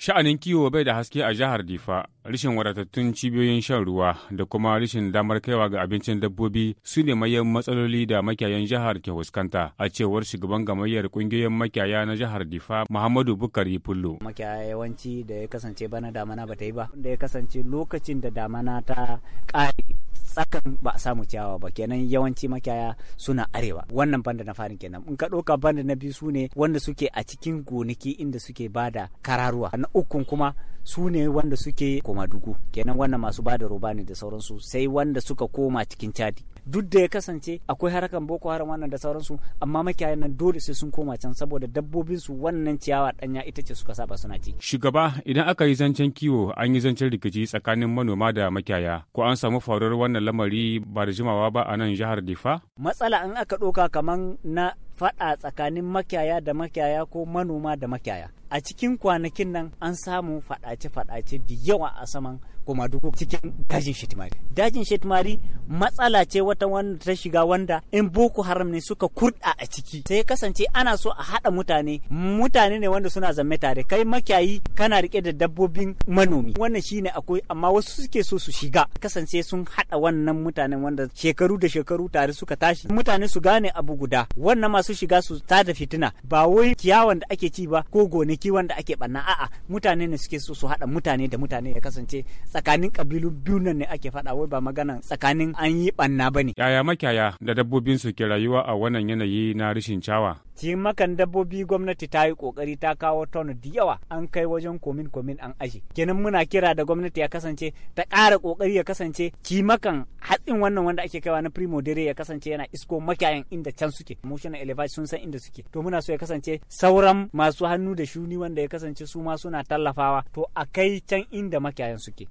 Sha'anin kiwo bai da haske a jihar Difa, rashin wadatattun cibiyoyin shan ruwa da kuma rashin damar kaiwa ga abincin dabbobi su ne mayan matsaloli da makiyayan jihar ke fuskanta a cewar shugaban gamayyar kungiyoyin makiyaya na jihar Difa Muhammadu Bukari Fullo. Makiyaya yawanci da ya kasance bana damana ba ta yi ba, da ya kasance lokacin da damana ta ƙare tsakan ba a samu ciyawa ba kenan yawanci makiyaya suna arewa wannan banda na farin kenan in ka ɗauka banda na biyu sune ne wanda suke a cikin gonaki inda suke bada kararuwa na ukun kuma su ne wanda suke koma dugu kenan wannan masu bada roba ne da sauransu sai wanda suka koma cikin cadi duk da ya kasance akwai harakan boko haram wannan da sauransu amma makiyaya nan dole sai sun koma can saboda dabbobinsu wannan ciyawa danya ita ce suka saba suna ci shugaba idan aka yi zancen kiwo an yi zancen rikici tsakanin manoma da makiyaya ko an samu faruwar wannan wannan lamari ba da jimawa ba a nan jihar Difa? Matsala in aka ɗauka kaman na faɗa tsakanin makiyaya da makiyaya ko manoma da makiyaya a cikin kwanakin nan an samu faɗace-faɗace da yawa a saman goma cikin dajin shetimari dajin shetimari matsala ce wata wanda ta shiga wanda in boko haram ne suka kurɗa a ciki sai kasance ana so a haɗa mutane mutane ne wanda suna zamme tare kai makiyayi kana rike da dabbobin manomi wannan shine akwai amma wasu suke so su shiga kasance sun haɗa wannan mutanen wanda shekaru da shekaru tare suka tashi mutane su gane abu guda wannan masu masu shiga su tada fitina ba wai kiyawan da ake ci ba ko gonaki wanda ake banna a'a mutane ne suke so su haɗa mutane da mutane ya kasance tsakanin kabilu biyu nan ne ake faɗa wai ba magana tsakanin an yi banna bane yaya makyaya da dabbobin su ke rayuwa a wannan yanayi na rashin ciyawa makan dabbobi gwamnati ta yi kokari ta kawo ton da yawa an kai wajen komin komin an aje kenan muna kira da gwamnati ya kasance ta ƙara kokari ya kasance kimakan hatsin wannan wanda ake kaiwa na primo dare ya kasance yana isko makiyayan inda can suke motion elevation sun san inda suke to muna so ya kasance sauran masu hannu da shuni wanda ya kasance su ma suna tallafawa to a kai can inda makiyayan suke